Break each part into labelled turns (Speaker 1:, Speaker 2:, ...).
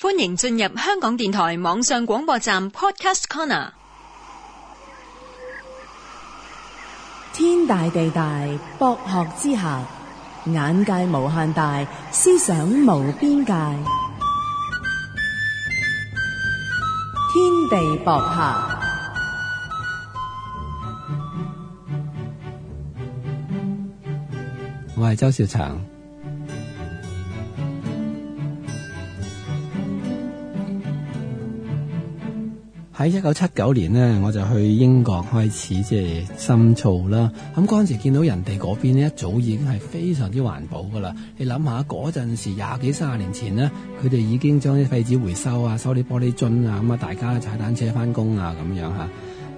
Speaker 1: 歡迎進入香港電台網上廣播站 Podcast Corner。天大地大，博學之下，眼界無限大，思想無邊界。天地博客，
Speaker 2: 我係周兆祥。喺一九七九年呢，我就去英國開始即係深造啦。咁嗰陣時見到人哋嗰邊一早已經係非常之環保噶啦。你諗下嗰陣時廿幾三十年前呢，佢哋已經將啲廢紙回收啊，收啲玻璃樽啊，咁啊，大家踩單車翻工啊，咁樣嚇。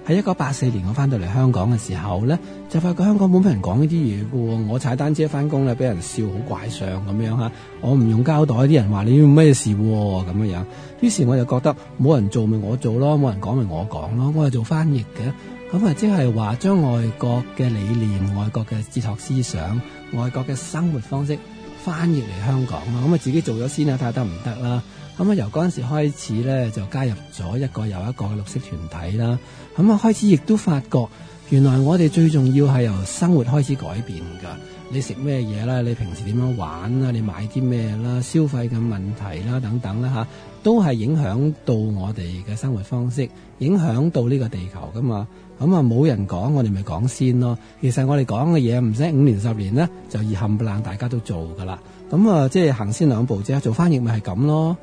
Speaker 2: 喺一九八四年我翻到嚟香港嘅時候咧，就發覺香港冇乜人講呢啲嘢嘅喎，我踩單車翻工咧，俾人笑好怪相咁樣吓，我唔用膠袋，啲人話你要咩事喎咁樣樣。於是我就覺得冇人做咪我做咯，冇人講咪我講咯，我係做翻譯嘅，咁啊即係話將外國嘅理念、外國嘅哲學思想、外國嘅生活方式。翻譯嚟香港咯，咁啊自己做咗先啊，睇下得唔得啦。咁、嗯、啊由嗰陣時開始咧，就加入咗一個又一個嘅綠色團體啦。咁、嗯、啊開始亦都發覺。原來我哋最重要係由生活開始改變噶。你食咩嘢啦？你平時點樣玩啦？你買啲咩啦？消費嘅問題啦，等等啦，吓、啊、都係影響到我哋嘅生活方式，影響到呢個地球噶嘛。咁、嗯、啊，冇人講，我哋咪講先咯。其實我哋講嘅嘢唔使五年十年咧，就而冚唪唥大家都做噶啦。咁、嗯、啊，即係行先兩步啫，做翻譯咪係咁咯。